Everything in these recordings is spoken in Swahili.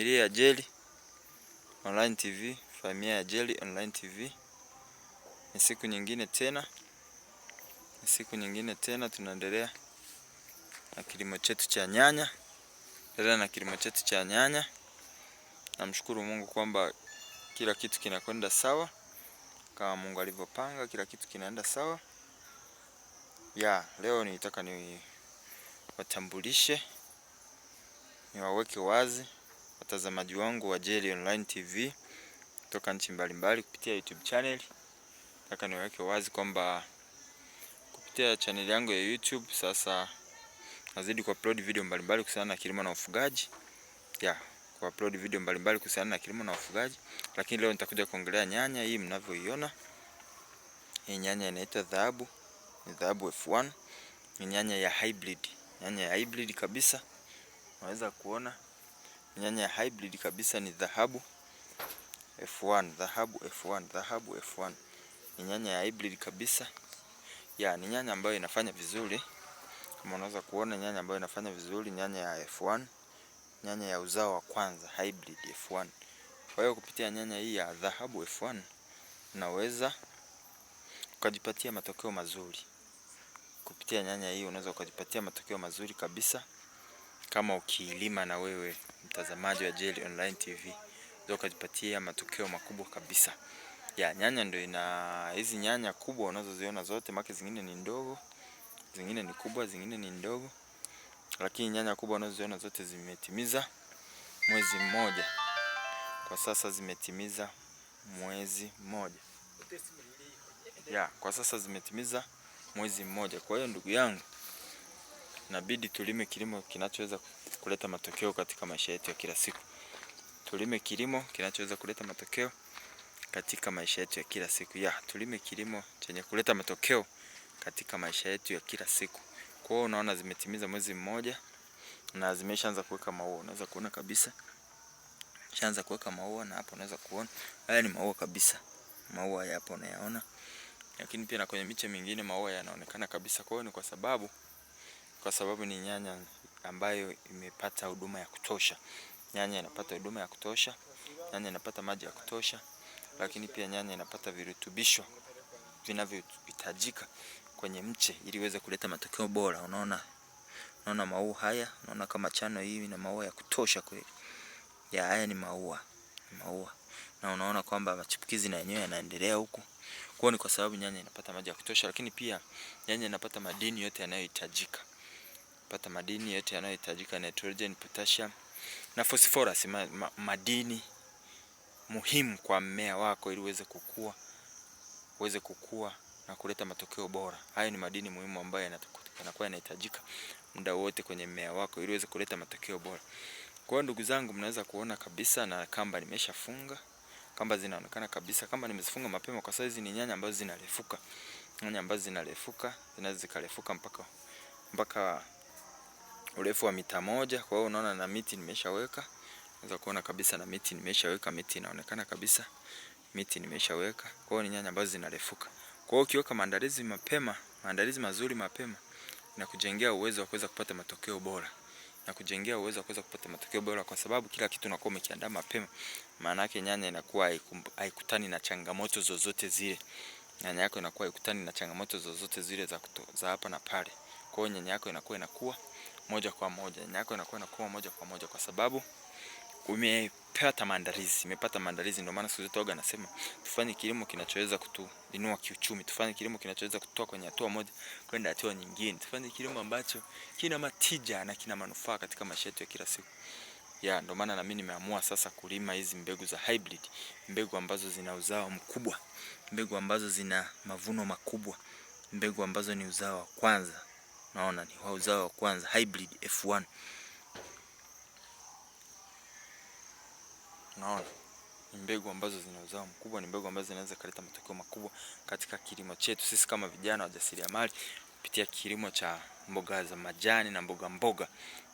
Familia ya Jelly Online TV, familia ya Jelly Online TV. Ni siku nyingine tena, ni siku nyingine tena, tunaendelea na kilimo chetu cha nyanya, endelea na kilimo chetu cha nyanya. Namshukuru Mungu kwamba kila kitu kinakwenda sawa kama Mungu alivyopanga, kila kitu kinaenda sawa ya leo. Nilitaka niwatambulishe, niwaweke wazi watazamaji wangu wa Jelly Online TV kutoka nchi mbalimbali kupitia YouTube channel. Nataka niweke wazi kwamba kupitia channel yangu ya YouTube sasa nazidi kuupload video mbalimbali kuhusiana na kilimo na ufugaji. Yeah, kuupload video mbalimbali kuhusiana na kilimo na ufugaji, lakini leo nitakuja kuongelea nyanya hii mnavyoiona. Hii nyanya inaitwa dhahabu, ni dhahabu F1, ni nyanya ya hybrid, nyanya ya hybrid kabisa, unaweza kuona Nyanya ya hybrid kabisa ni dhahabu F1, dhahabu F1, dhahabu F1 ni nyanya ya hybrid kabisa ya, ni nyanya ambayo inafanya vizuri kama unaweza kuona, nyanya ambayo inafanya vizuri, nyanya ya F1, nyanya ya uzao wa kwanza hybrid F1. Kwa hiyo kupitia nyanya hii ya dhahabu F1 unaweza ukajipatia matokeo mazuri. Kupitia nyanya hii unaweza ukajipatia matokeo mazuri kabisa kama ukiilima na wewe mtazamaji wa Jelly Online TV ukajipatia matokeo makubwa kabisa ya nyanya. Ndio ina hizi nyanya kubwa unazoziona zote, maki zingine ni ndogo, zingine ni kubwa, zingine ni ndogo, lakini nyanya kubwa unazoziona zote zimetimiza mwezi mmoja. Kwa sasa zimetimiza mwezi mmoja ya, kwa sasa zimetimiza mwezi mmoja. Kwa hiyo ndugu yangu inabidi tulime kilimo kinachoweza kuleta matokeo katika maisha yetu ya kila siku. Tulime kilimo kinachoweza kuleta matokeo katika maisha yetu ya kila siku. Ya, tulime kilimo chenye kuleta matokeo katika maisha yetu ya kila siku. Kwa hiyo unaona zimetimiza mwezi mmoja na zimeshaanza kuweka maua. Unaweza kuona kabisa. Shaanza kuweka maua na hapo unaweza kuona. Haya ni maua kabisa. Maua yapo unayaona. Lakini pia na kwenye miche mingine maua yanaonekana kabisa. Kwa hiyo ni kwa sababu kwa sababu ni nyanya ambayo imepata huduma ya kutosha. Nyanya inapata huduma ya kutosha, nyanya inapata maji ya kutosha, lakini pia nyanya inapata virutubisho vinavyohitajika kwenye mche ili iweze kuleta matokeo bora. Unaona, unaona maua haya, unaona kama chano hii ina maua ya kutosha kweli ya haya ni maua maua, na unaona kwamba machipukizi na yenyewe yanaendelea huku. Kwa ni kwa sababu nyanya inapata maji ya kutosha, lakini pia nyanya inapata madini yote yanayohitajika kupata madini yote yanayohitajika, nitrogen, potassium na phosphorus, ma ma madini muhimu kwa mmea wako ili uweze kukua, uweze kukua na kuleta matokeo bora. Hayo ni madini muhimu ambayo yanakuwa yanahitajika muda wote kwenye mmea wako ili uweze kuleta matokeo bora. Kwa hiyo ndugu zangu, mnaweza kuona kabisa na kamba nimeshafunga. Kamba zinaonekana kabisa, kamba nimezifunga mapema kwa sababu hizi ni nyanya ambazo zinarefuka, nyanya ambazo zinarefuka, zinaweza zikarefuka mpaka mpaka urefu wa mita moja. Kwa hiyo unaona na miti nimeshaweka, unaweza kuona kabisa na miti nimeshaweka, miti inaonekana kabisa, miti nimeshaweka. Kwa hiyo ni nyanya ambazo zinarefuka. Kwa hiyo ukiweka maandalizi mapema, maandalizi mazuri mapema, na kujengea uwezo wa kuweza kupata matokeo bora na kujengea uwezo wa kuweza kupata matokeo bora, kwa sababu kila kitu unakuwa umekiandaa mapema. Maana yake nyanya inakuwa haikutani na changamoto zozote zile, nyanya yako inakuwa haikutani na changamoto zozote zile za, kuto, za hapa na pale. Kwa hiyo nyanya yako inakuwa inakuwa moja kwa moja, nia yako inakuwa inakuwa moja kwa moja kwa sababu umepata maandalizi, umepata maandalizi. Ndio maana siku zote waga nasema tufanye kilimo kinachoweza kutuinua kiuchumi, tufanye kilimo kinachoweza kutoa kwenye hatua moja kwenda hatua nyingine, tufanye kilimo ambacho kina matija na kina manufaa katika maisha yetu ya kila siku. Ya, ndio maana na mimi nimeamua sasa kulima hizi mbegu za hybrid, mbegu ambazo zina uzao mkubwa, mbegu ambazo zina mavuno makubwa, mbegu ambazo ni uzao wa kwanza naona ni wauzao wa kwanza hybrid F1 naona ni mbegu ambazo zina uzao mkubwa, ni mbegu ambazo zinaweza kuleta matokeo makubwa katika kilimo chetu sisi kama vijana wajasiriamali kupitia kilimo cha mboga za majani na mboga mboga,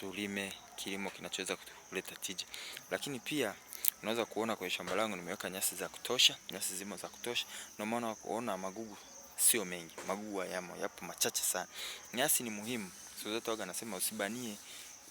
tulime kilimo kinachoweza kuleta tija. Lakini pia unaweza kuona kwenye shamba langu nimeweka nyasi za kutosha, nyasi zimo za kutosha, ndio maana kuona magugu sio mengi, magua yamo yapo machache sana. Nyasi ni muhimu, siku zote waga anasema usibanie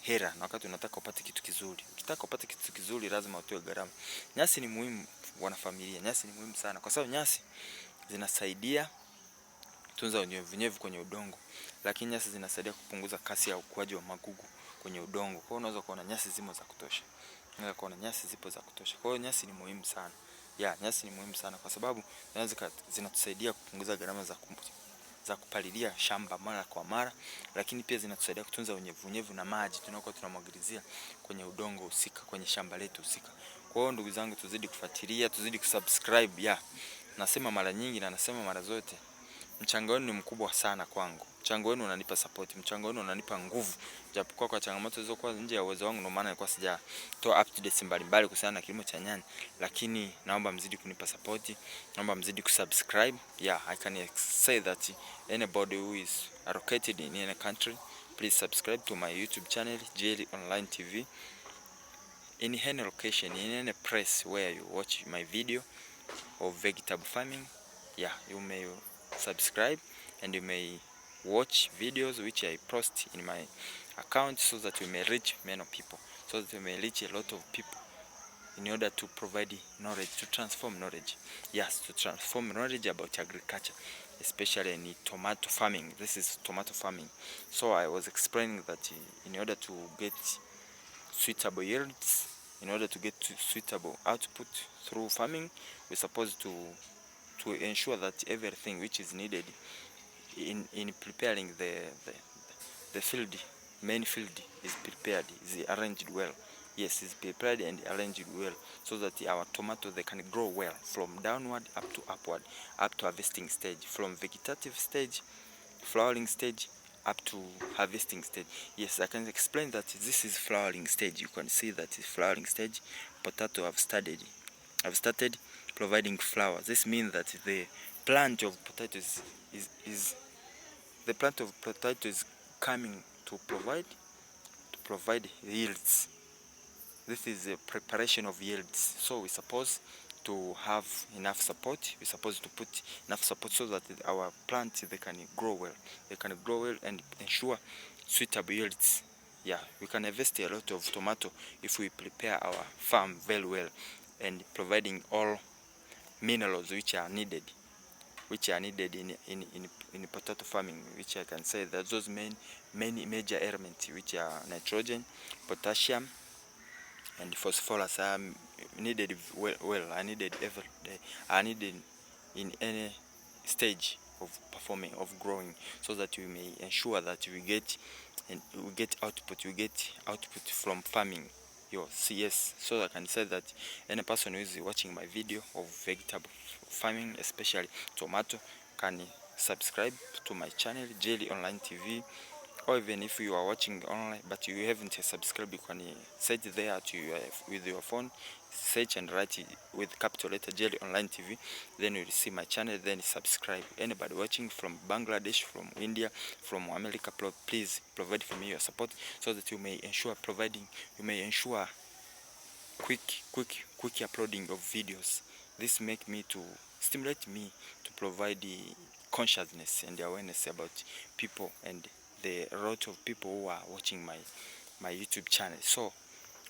hera na wakati unataka upate kitu kizuri. Ukitaka upate kitu kizuri lazima utoe gharama. Nyasi ni muhimu, wanafamilia, nyasi ni muhimu sana kwa sababu nyasi zinasaidia tunza unyevunyevu kwenye udongo, lakini nyasi zinasaidia kupunguza kasi ya ukuaji wa magugu kwenye udongo. Kwa hiyo unaweza kuona nyasi zimo za kutosha, unaweza kuona nyasi zipo za kutosha. Kwa hiyo nyasi ni muhimu sana ya nyasi ni muhimu sana, kwa sababu zinatusaidia kupunguza gharama za za kupalilia shamba mara kwa mara, lakini pia zinatusaidia kutunza unyevunyevu na maji tunakuwa tunamwagilizia kwenye udongo husika, kwenye shamba letu husika. Kwa hiyo ndugu zangu, tuzidi kufuatilia, tuzidi kusubscribe. Ya nasema mara nyingi na nasema mara zote, mchango wenu ni mkubwa sana kwangu mchango wenu unanipa support, mchango wenu unanipa nguvu, japokuwa kwa changamoto zilizokuwa nje ya uwezo wangu, ndio maana nilikuwa sijatoa updates mbalimbali kuhusiana na kilimo cha nyanya, lakini naomba mzidi kunipa support, naomba mzidi kusubscribe. Yeah, I can say that anybody who is located in any country please subscribe to my YouTube channel JL Online TV in any location in any place where you watch my video of vegetable farming yeah you may subscribe and you may watch videos which I post in my account so that we may reach many people, so that we may reach a lot of people in order to provide knowledge, to transform knowledge. Yes, to transform knowledge about agriculture, especially in tomato farming. This is tomato farming. So I was explaining that in order to get suitable yields, in order to get to suitable output through farming, we supposed to to ensure that everything which is needed in, in preparing the, the, the field main field is prepared is arranged well yes is prepared and arranged well so that our tomato they can grow well from downward up to upward up to harvesting stage from vegetative stage flowering stage up to harvesting stage yes i can explain that this is flowering stage you can see that is flowering stage potato have started have started providing flower this means that the plant of potatoes is, is the plant of potatoes coming to provide to provide yields this is a preparation of yields so we suppose to have enough support we're supposed to put enough support so that our plants they can grow well they can grow well and ensure suitable yields yeah we can invest a lot of tomato if we prepare our farm very well and providing all minerals which are needed which are needed in, in, in, in potato farming which I can say that those main, main major elements which are nitrogen, potassium and phosphorus are needed well, well are needed every day are needed in any stage of performing of growing so that we may ensure that we get and we get output we get output from farming your CS so I can say that any person who is watching my video of vegetable farming especially tomato can subscribe to my channel Jelly Online TV or even if you are watching online but you haven't subscribed you can search there to your, with your phone search and write with capital letter Jelly Online TV then you'll see my channel then subscribe anybody watching from Bangladesh from India from America please provide for me your support so that you may ensure providing you may ensure quick quick quick uploading of videos this make me to stimulate me to provide the consciousness and the awareness about people and the lot of people who are watching my, my YouTube channel. So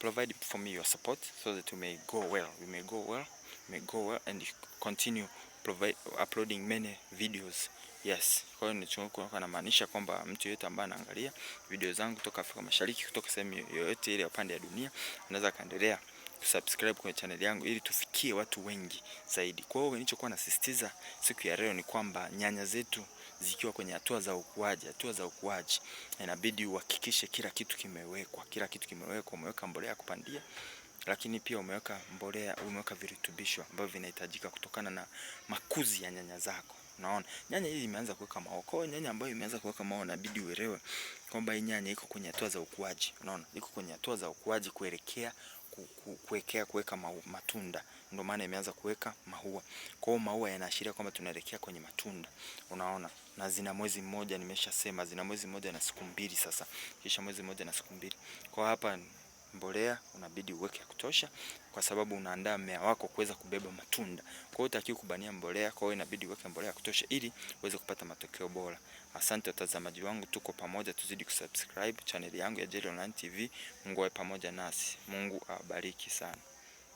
provide for me your support so that we may go well. We may go well, we may go well and continue provide, uploading many videos. Yes, kwa hiyo nichukua namaanisha kwamba mtu yoyote ambaye anaangalia video zangu kutoka Afrika Mashariki, kutoka sehemu yoyote ile ya pande ya dunia anaweza kaendelea kusubscribe kwenye channel yangu ili tufikie watu wengi zaidi. Kwa hiyo nilichokuwa nasisitiza siku ya leo ni kwamba nyanya zetu zikiwa kwenye hatua za ukuaji, hatua za ukuaji, inabidi uhakikishe kila kitu kimewekwa, kila kitu kimewekwa, umeweka mbolea ya kupandia lakini pia umeweka mbolea, umeweka virutubisho ambavyo vinahitajika kutokana na makuzi ya nyanya zako. Unaona, nyanya hii imeanza kuweka maua. Kwa hiyo nyanya ambayo imeanza kuweka maua, inabidi uelewe kwamba hii nyanya iko kwenye hatua za ukuaji. Unaona, iko kwenye hatua za ukuaji kuelekea kuwekea kuweka matunda, ndio maana imeanza kuweka maua. Kwa hiyo maua yanaashiria kwamba tunaelekea kwenye matunda, unaona, na zina mwezi mmoja, nimeshasema zina mwezi mmoja na siku mbili sasa, kisha mwezi mmoja na siku mbili kwa hapa mbolea unabidi uweke ya kutosha, kwa sababu unaandaa mmea wako kuweza kubeba matunda. Kwa hiyo utakiwa kubania mbolea, kwa hiyo inabidi uweke mbolea ya kutosha ili uweze kupata matokeo bora. Asante watazamaji wangu, tuko pamoja, tuzidi kusubscribe chaneli yangu ya Jelly Online TV. Mungu awe pamoja nasi, Mungu awabariki sana.